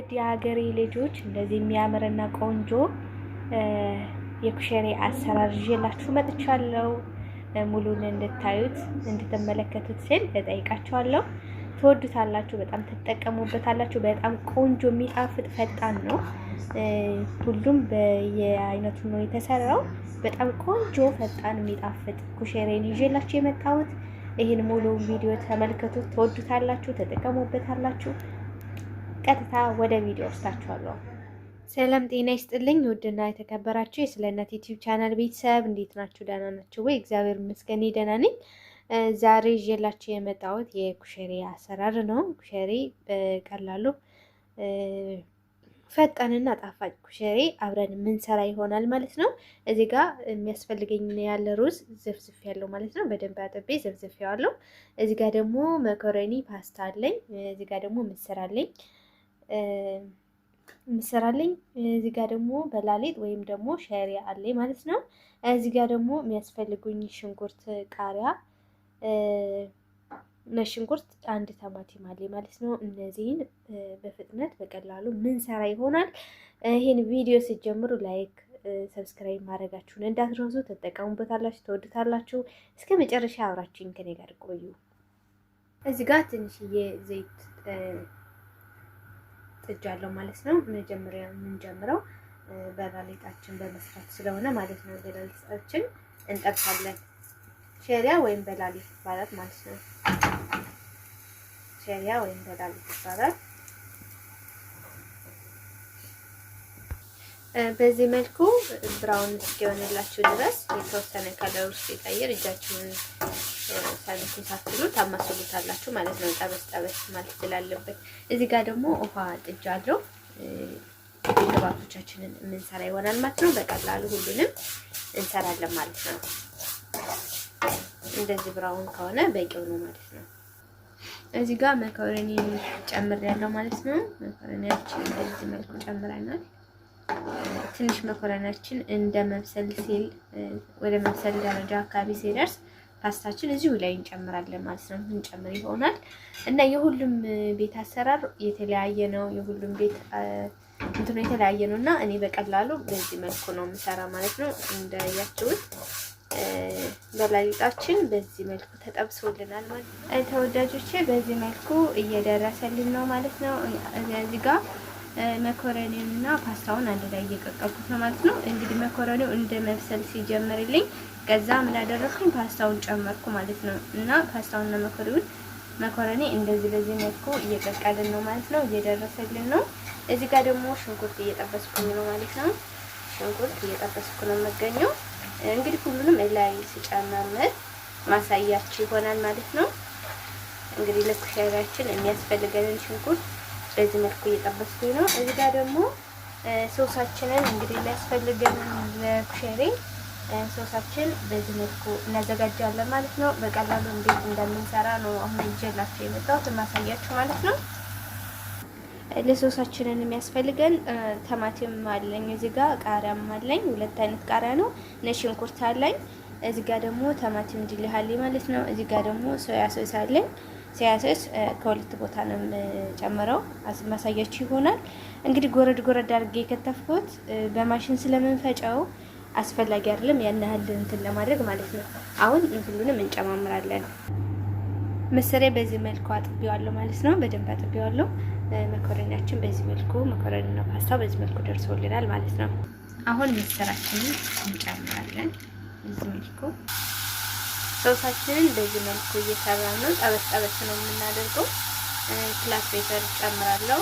ውድ የሀገሬ ልጆች እንደዚህ የሚያምርና ቆንጆ የኩሸሬ አሰራር ይዤላችሁ መጥቻለሁ። ሙሉን እንድታዩት እንድትመለከቱት ስል እጠይቃችኋለሁ። ትወዱታላችሁ፣ በጣም ትጠቀሙበታላችሁ። በጣም ቆንጆ የሚጣፍጥ ፈጣን ነው። ሁሉም በየአይነቱ ነው የተሰራው። በጣም ቆንጆ ፈጣን የሚጣፍጥ ኩሸሬን ይዤላችሁ የመጣሁት ይህን ሙሉ ቪዲዮ ተመልከቱት። ትወዱታላችሁ፣ ተጠቀሙበታላችሁ። ቀጥታ ወደ ቪዲዮ ወስዳችኋለሁ። ሰላም ጤና ይስጥልኝ። ውድና የተከበራችሁ የስለነት ዩቲዩብ ቻናል ቤተሰብ እንዴት ናችሁ? ደህና ናችሁ ወይ? እግዚአብሔር ይመስገን ደህና ነኝ። ዛሬ ይዤላችሁ የመጣሁት የኩሸሪ አሰራር ነው። ኩሸሪ በቀላሉ ፈጣንና ጣፋጭ ኩሸሪ አብረን የምንሰራ ይሆናል ማለት ነው። እዚህ ጋ የሚያስፈልገኝ ያለ ሩዝ ዘፍዝፍ ያለው ማለት ነው። በደንብ አጥቤ ዘፍዝፍ ያለው። እዚህ ጋ ደግሞ መኮረኒ ፓስታ አለኝ። እዚህ ጋር ደግሞ ምስር አለኝ። ምስር እዚህ ጋር ደግሞ በላሊጥ ወይም ደግሞ ሸሪ አለኝ ማለት ነው። እዚህ ጋር ደግሞ የሚያስፈልጉኝ ሽንኩርት፣ ቃሪያ፣ ነጭ ሽንኩርት፣ አንድ ቲማቲም አለኝ ማለት ነው። እነዚህን በፍጥነት በቀላሉ ምን ሰራ ይሆናል። ይህን ቪዲዮ ስትጀምሩ ላይክ ሰብስክራይብ ማድረጋችሁን እንዳትረሱ። ተጠቀሙበታላችሁ፣ ተወድታላችሁ። እስከ መጨረሻ አብራችሁኝ ከኔ ጋር ቆዩ። እዚህ ጋር ትንሽዬ ዘይት ጥጃለሁ ማለት ነው። መጀመሪያ የምንጀምረው በላሊጣችን በመስራት ስለሆነ ማለት ነው። በላሊጣችን እንጠብሳለን። ሸሪያ ወይም በላሊጥ ይባላል ማለት ነው። ሸሪያ ወይም በላሊጥ ይባላል። በዚህ መልኩ ብራውን እስኪሆንላችሁ ድረስ የተወሰነ ከለር ውስጥ ይቀይር እጃችሁን ሳልሱን ሳትሉ ታማስሉታላችሁ ማለት ነው። ጠበስ ጠበስ ማለት ስላለበት እዚህ ጋር ደግሞ ውሃ ጥጃ አለው ግብአቶቻችንን የምንሰራ ይሆናል ማለት ነው። በቀላሉ ሁሉንም እንሰራለን ማለት ነው። እንደዚህ ብራውን ከሆነ በቂው ነው ማለት ነው። እዚህ ጋር መኮረኒ ጨምር ያለው ማለት ነው። መኮረኒያችን በዚህ መልኩ ጨምረናል። ትንሽ መኮረናችን እንደ መብሰል ሲል ወደ መብሰል ደረጃ አካባቢ ሲደርስ ፓስታችን እዚሁ ላይ እንጨምራለን ማለት ነው። እንጨምር ይሆናል እና የሁሉም ቤት አሰራር የተለያየ ነው። የሁሉም ቤት እንትኑ የተለያየ ነው እና እኔ በቀላሉ በዚህ መልኩ ነው የምሰራ ማለት ነው። እንዳያችሁት በላሊጣችን በዚህ መልኩ ተጠብሶልናል ማለት ነው። ተወዳጆቼ በዚህ መልኩ እየደረሰልን ነው ማለት ነው። እዚህ ጋር መኮረኒውንና ፓስታውን አንድ ላይ እየቀቀልኩት ነው ማለት ነው። እንግዲህ መኮረኒው እንደ መብሰል ሲጀምርልኝ ከዛ ምን አደረኩኝ? ፓስታውን ጨመርኩ ማለት ነው። እና ፓስታውንና መኮሪውን መኮረኒ እንደዚህ በዚህ መልኩ እየቀቀልን ነው ማለት ነው፣ እየደረሰልን ነው። እዚህ ጋር ደግሞ ሽንኩርት እየጠበስኩኝ ነው ማለት ነው። ሽንኩርት እየጠበስኩ ነው የምገኘው። እንግዲህ ሁሉንም ላይ ስጨማምር ማሳያችሁ ይሆናል ማለት ነው። እንግዲህ ለኩሻሪያችን የሚያስፈልገንን ሽንኩርት በዚህ መልኩ እየጠበስኩኝ ነው። እዚህ ጋር ደግሞ ሶሳችንን እንግዲህ የሚያስፈልገንን ለኩሻሪ ሶሳችን በዚህ መልኩ እናዘጋጃለን ማለት ነው። በቀላሉ እንዴት እንደምንሰራ ነው አሁን ይዤላችሁ የመጣሁት ማሳያችሁ ማለት ነው። ለሶሳችንን የሚያስፈልገን ተማቲም አለኝ እዚህ ጋር ቃሪያም አለኝ። ሁለት አይነት ቃሪያ ነው። ነጭ ሽንኩርት አለኝ። እዚህ ጋር ደግሞ ተማቲም ድልሃሊ ማለት ነው። እዚህ ጋር ደግሞ ሶያ ሶስ አለኝ። ሶያ ሶስ ከሁለት ቦታ ነው የምጨምረው፣ ማሳያችሁ ይሆናል። እንግዲህ ጎረድ ጎረድ አድርጌ የከተፍኩት በማሽን ስለምንፈጨው አስፈላጊ አይደለም ያን ያህል እንትን ለማድረግ ማለት ነው። አሁን ሁሉንም እንጨማምራለን። ምስሬ በዚህ መልኩ አጥቢዋለሁ ማለት ነው። በደንብ አጥቢዋለሁ። መኮረኒያችን በዚህ መልኩ ነው ፓስታው በዚህ መልኩ ደርሶልናል ማለት ነው። አሁን ምስራችንን እንጨምራለን። በዚህ መልኩ ሶሳችንን በዚህ መልኩ እየሰራ ነው። ጠበስ ጠበስ ነው የምናደርገው። ክላስ ቤተር ጨምራለሁ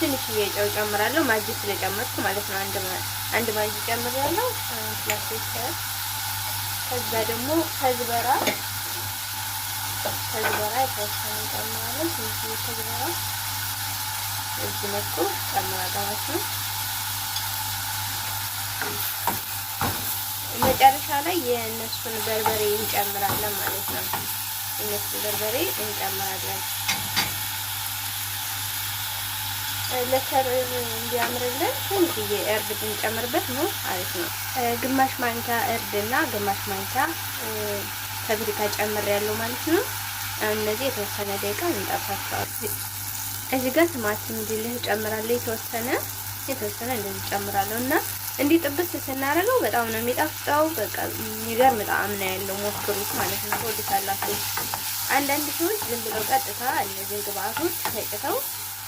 ትንሽ እየጨው ጨምራለሁ። ማጅ ስለጨመርኩ ማለት ነው። አንድ ማጅ ጨምራለሁ። ከዛ ደግሞ ከዝበራ ከዝበራ የተወሰነ ጨምራለሁ። ትንሽ ከዝበራ እዚህ መጥቶ ጨምራለሁ ማለት ነው። መጨረሻ ላይ የእነሱን በርበሬ እንጨምራለን ማለት ነው። እነሱን በርበሬ እንጨምራለን ለከለር እንዲያምርልን ትንሽዬ እርድ ብንጨምርበት ነው አሪፍ ነው። ግማሽ ማንኪያ እርድና ግማሽ ማንኪያ ጨምር ያለው ማለት ነው። እነዚህ የተወሰነ ደቂቃ እንጠብሳቸዋለን። እዚህ ጋር ቲማቲም እንዲልህ ጨምራለሁ። የተወሰነ የተወሰነ እንደዚህ ጨምራለሁ እና እንዲህ ጥብስ ስናደርገው በጣም ነው የሚጣፍጠው። በቃ የሚገርም ጣዕም ነው ያለው። ሞክሩት ማለት ነው። ትወዱታላችሁ። አንዳንድ ሰዎች ዝም ብለው ቀጥታ እነዚህን ግብአቶች ተጭተው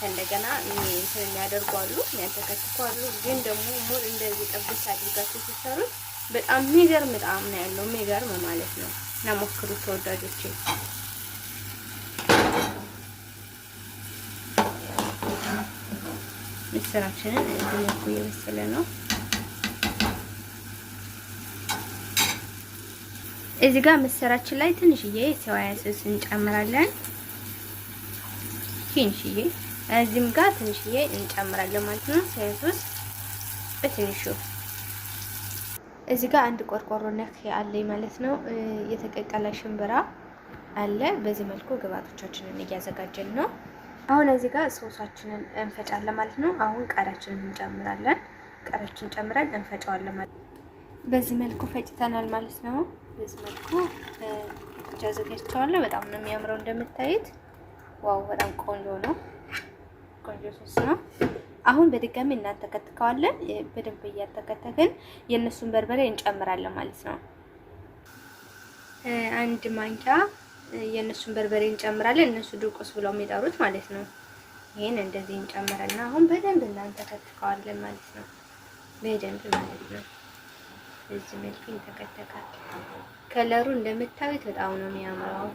እንደገና እንትን የሚያደርጉ አሉ፣ የሚያንተከትኩ አሉ። ግን ደግሞ ሙር እንደዚህ ጠብስ አድርጋችሁ ሲሰሩት በጣም የሚገርም ጣዕም ነው ያለው፣ የሚገርም ማለት ነው። እና ሞክሩ ተወዳጆቼ። ምስራችንን እዚህ መልኩ እየበሰለ ነው። እዚህ ጋር ምስራችን ላይ ትንሽዬ ሰዋያ ስስ እንጨምራለን። ትንሽዬ እዚህም ጋር ትንሽዬ እንጨምራለን ማለት ነው። ሳይዙስ በትንሹ እዚህ ጋር አንድ ቆርቆሮ ነክ አለኝ ማለት ነው። የተቀቀለ ሽምብራ አለ። በዚህ መልኩ ግብአቶቻችንን እያዘጋጀን ነው። አሁን እዚህ ጋር ሶሳችንን እንፈጫለን ማለት ነው። አሁን ቃሪያችንን እንጨምራለን። ቃሪያችን ጨምረን እንፈጫዋለን ማለት ነው። በዚህ መልኩ ፈጭተናል ማለት ነው። በዚህ መልኩ እጃ ዘጋጅተዋለሁ። በጣም ነው የሚያምረው እንደምታዩት። ዋው በጣም ቆንጆ ነው። ነው። አሁን በድጋሚ እናንተከትከዋለን። በደንብ እያተከተክን የእነሱን በርበሬ እንጨምራለን ማለት ነው። አንድ ማንኪያ የእነሱን በርበሬ እንጨምራለን። እነሱ ድቁስ ብለው የሚጠሩት ማለት ነው። ይህን እንደዚህ እንጨምረና አሁን በደንብ እናንተከትከዋለን ማለት ነው። በደንብ ማለት ነው። እዚህ መልክ ይተከተካል። ከለሩ እንደምታዩት በጣም ነው የሚያምረው።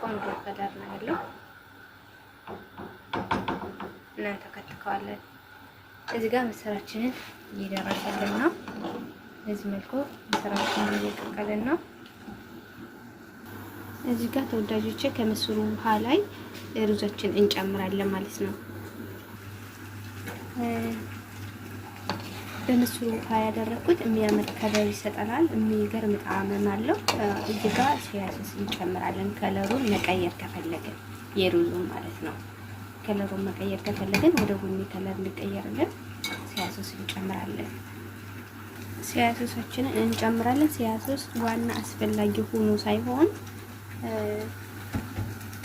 ቆንጆ ከለር ነው ያለው። እናንተከትከዋለን። እዚህ ጋር ምስራችንን እየደረሰልን ነው። በዚህ መልኩ ምስራችንን እየቀቀልን ነው። እዚህ ጋር ተወዳጆቼ ከምስሩ ውሃ ላይ ሩዛችን እንጨምራለን ማለት ነው። በምስሩ ውሃ ያደረኩት የሚያምር ከለር ይሰጠናል። የሚገርም ጣዕምም አለው። እዚህ ጋር ሲያስስ እንጨምራለን። ከለሩን መቀየር ከፈለግን የሩዙ ማለት ነው። ከለሩን መቀየር ከፈለግን ወደ ቡኒ ከለር እንዲቀየርልን ሲያሶስ እንጨምራለን። ሲያሶሶችን እንጨምራለን። ሲያሶስ ዋና አስፈላጊ ሆኖ ሳይሆን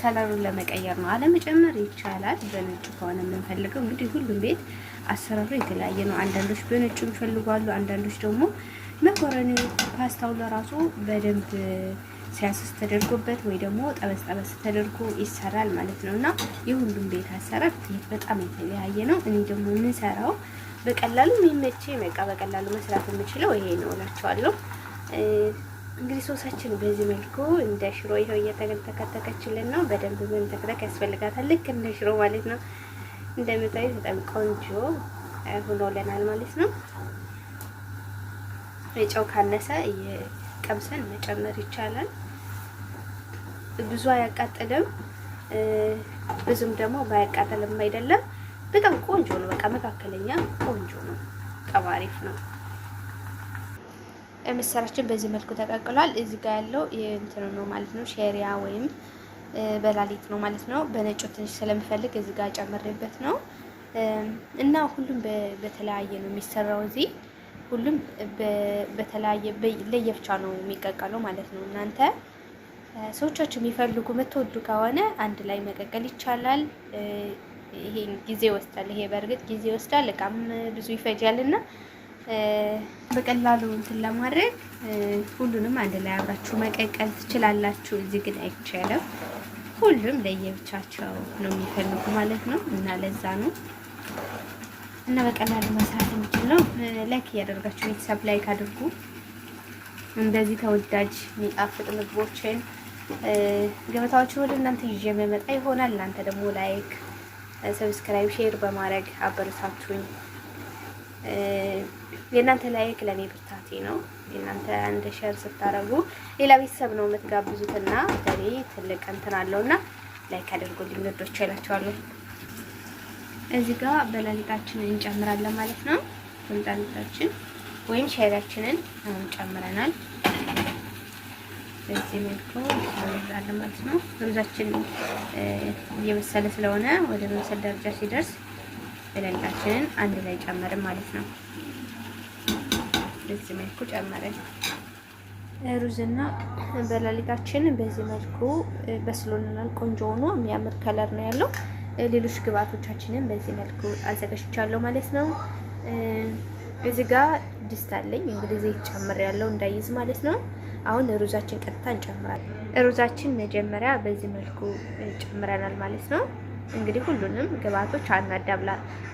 ከለሩን ለመቀየር ነው። አለመጨመር ይቻላል። በነጭ ከሆነ የምንፈልገው እንግዲህ ሁሉም ቤት አሰራሩ የተለያየ ነው። አንዳንዶች በነጩ ይፈልጓሉ፣ አንዳንዶች ደግሞ መኮረኒ ፓስታው ለራሱ በደንብ ሲያስስ ተደርጎበት ወይ ደግሞ ጠበስ ጠበስ ተደርጎ ይሰራል ማለት ነው እና የሁሉም ቤት አሰራር በጣም የተለያየ ነው። እኔ ደግሞ የምንሰራው በቀላሉ የሚመቼ በቃ በቀላሉ መስራት የምችለው ይሄ ነው እላቸዋለሁ። እንግዲህ ሶሳችን በዚህ መልኩ እንደ ሽሮ ይኸው እየተከተከችልን ነው። በደንብ መንተክተክ ያስፈልጋታል። ልክ እንደ ሽሮ ማለት ነው። እንደምታዩት በጣም ቆንጆ ሆኖልናል ማለት ነው። ጨው ካነሰ ቀምሰን መጨመር ይቻላል። ብዙ አያቃጥልም፣ ብዙም ደግሞ ባያቃጥልም አይደለም። በጣም ቆንጆ ነው። በቃ መካከለኛ ቆንጆ ነው። በጣም አሪፍ ነው። ምስራችን በዚህ መልኩ ተቀቅሏል። እዚህ ጋር ያለው የእንትኑ ነው ማለት ነው፣ ሼሪያ ወይም በላሊት ነው ማለት ነው። በነጩ ትንሽ ስለምፈልግ እዚህ ጋር ጨምሬበት ነው እና ሁሉም በተለያየ ነው የሚሰራው እዚህ ሁሉም በተለያየ ለየብቻ ነው የሚቀቀለው ማለት ነው። እናንተ ሰዎቻችሁ የሚፈልጉ የምትወዱ ከሆነ አንድ ላይ መቀቀል ይቻላል። ይሄን ጊዜ ይወስዳል። ይሄ በእርግጥ ጊዜ ይወስዳል፣ እቃም ብዙ ይፈጃል እና በቀላሉ እንትን ለማድረግ ሁሉንም አንድ ላይ አብራችሁ መቀቀል ትችላላችሁ። እዚህ ግን አይቻልም። ሁሉም ለየብቻቸው ነው የሚፈልጉ ማለት ነው እና ለዛ ነው እና በቀላሉ መስራት የሚችል ነው። ላይክ እያደረጋችሁ ቤተሰብ ላይክ አድርጉ። እንደዚህ ተወዳጅ የሚጣፍጥ ምግቦችን ገበታዎችን ወደ እናንተ ይዤ የምመጣ ይሆናል። እናንተ ደግሞ ላይክ፣ ሰብስክራይብ፣ ሼር በማድረግ አበረታችሁኝ። የእናንተ ላይክ ለእኔ ብርታቴ ነው። የእናንተ አንድ ሼር ስታደርጉ ሌላ ቤተሰብ ነው የምትጋብዙትና ለእኔ ትልቅ እንትን አለውና ላይክ አድርጉልኝ። ልጆች ይላቸዋለሁ እዚህ ጋር በላሊጣችንን እንጨምራለን ማለት ነው። በላሊጣችን ወይም ሻይራችንን ጨምረናል። በዚህ መልኩ እንጨምራለን ማለት ነው። ሩዛችን እየበሰለ ስለሆነ ወደ መብሰል ደረጃ ሲደርስ በላሊጣችንን አንድ ላይ ጨመርን ማለት ነው። በዚህ መልኩ ጨመርን። ሩዝና በላሊጣችን በዚህ መልኩ በስሎልናል። ቆንጆ ሆኖ የሚያምር ከለር ነው ያለው። ሌሎች ግብአቶቻችንን በዚህ መልኩ አዘጋጅቻለሁ ማለት ነው። እዚህ ጋር ድስት አለኝ እንግዲህ ዘይት ጨምር ያለው እንዳይዝ ማለት ነው። አሁን ሩዛችን ቀጥታ እንጨምራለን። ሩዛችን መጀመሪያ በዚህ መልኩ ጨምረናል ማለት ነው። እንግዲህ ሁሉንም ግብአቶች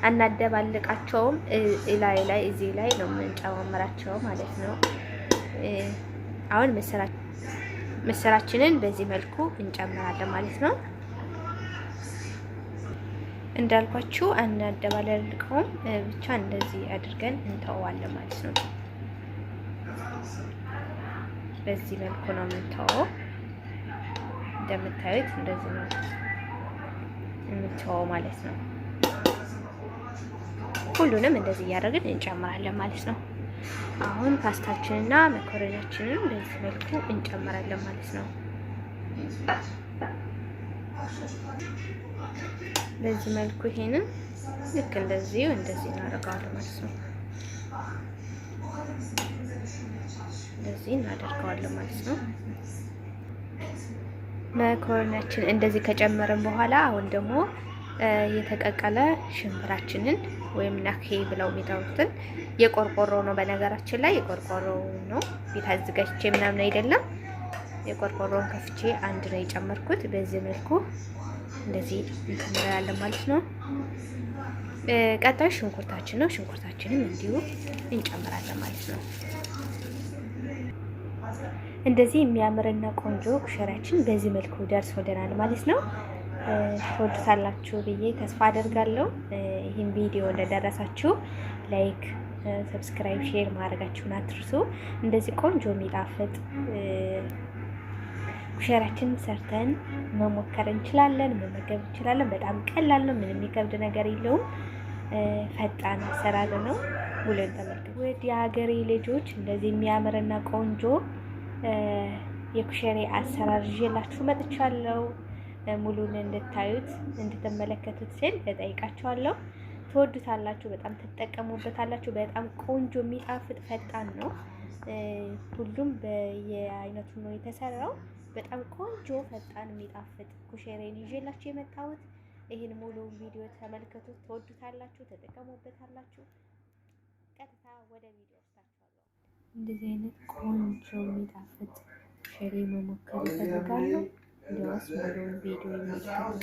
አናደባልቃቸውም። ላይ ላይ እዚህ ላይ ነው የምንጨማምራቸው ማለት ነው። አሁን ምስራችንን በዚህ መልኩ እንጨምራለን ማለት ነው። እንዳልኳችሁ አናደባለልቀውም፣ ብቻ እንደዚህ አድርገን እንተወዋለን ማለት ነው። በዚህ መልኩ ነው የምንተወው። እንደምታዩት እንደዚህ ነው የምንተወው ማለት ነው። ሁሉንም እንደዚህ እያደረግን እንጨምራለን ማለት ነው። አሁን ፓስታችንና መኮረናችንን በዚህ መልኩ እንጨምራለን ማለት ነው። በዚህ መልኩ ይሄንን ልክ እንደዚህ እንደዚህ እናደርገዋለን ማለት ነው። እንደዚህ እናደርገዋለን ማለት ነው። መኮረናችን እንደዚህ ከጨመርን በኋላ አሁን ደግሞ የተቀቀለ ሽንብራችንን ወይም ናኬ ብለው የሚጠሩትን የቆርቆሮ ነው። በነገራችን ላይ የቆርቆሮ ነው ቤት አዘጋጅቼ ምናምን አይደለም። የቆርቆሮን ከፍቼ አንድ ላይ የጨመርኩት በዚህ መልኩ እንደዚህ እንከምረዋለን ማለት ነው። ቀጣይ ሽንኩርታችን ነው። ሽንኩርታችንም እንዲሁ እንጨምራለን ማለት ነው። እንደዚህ የሚያምርና ቆንጆ ኩሸሪያችን በዚህ መልኩ ደርሶልናል ማለት ነው። ትወዱታላችሁ ብዬ ተስፋ አደርጋለሁ። ይህም ቪዲዮ እንደደረሳችሁ ላይክ፣ ሰብስክራይብ፣ ሼር ማድረጋችሁን አትርሱ። እንደዚህ ቆንጆ የሚጣፍጥ ኩሸራችን ሰርተን መሞከር እንችላለን፣ መመገብ እንችላለን። በጣም ቀላል ነው። ምንም የሚከብድ ነገር የለውም። ፈጣን አሰራር ነው። ውለን ተመልከቱ። ውድ የሀገሬ ልጆች እንደዚህ የሚያምርና ቆንጆ የኩሸሬ አሰራር ይዤላችሁ መጥቻለሁ። ሙሉን እንድታዩት እንድትመለከቱት ስል እጠይቃችኋለሁ። ትወዱታላችሁ፣ በጣም ትጠቀሙበታላችሁ። በጣም ቆንጆ የሚጣፍጥ ፈጣን ነው። ሁሉም በየአይነቱ ነው የተሰራው። በጣም ቆንጆ ፈጣን የሚጣፍጥ ኩሸሬን ይዤላችሁ የመጣሁት። ይህን ሙሉ ቪዲዮ ተመልከቱ። ትወዱታላችሁ፣ ተጠቀሙበታላችሁ። ቀጥታ ወደ ቪዲዮ ወስዳችኋለሁ። እንደዚህ አይነት ቆንጆ የሚጣፍጥ ኩሽሬ መሞከር ይፈልጋሉ? እንዲያውስ ሙሉውን ቪዲዮ